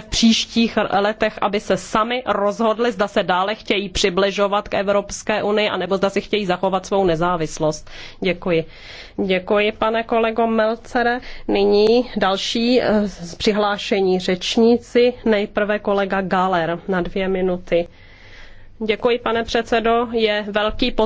v příštích letech, aby se sami rozhodli, zda se dále chtějí přibližovat k Evropské unii, anebo zda si chtějí zachovat svou nezávislost. Děkuji. Děkuji, pane kolego Melcere. Nyní další eh, z přihlášení řečníci. Nejprve kolega Galer na dvě minuty. Děkuji, pane předsedo. Je velký pot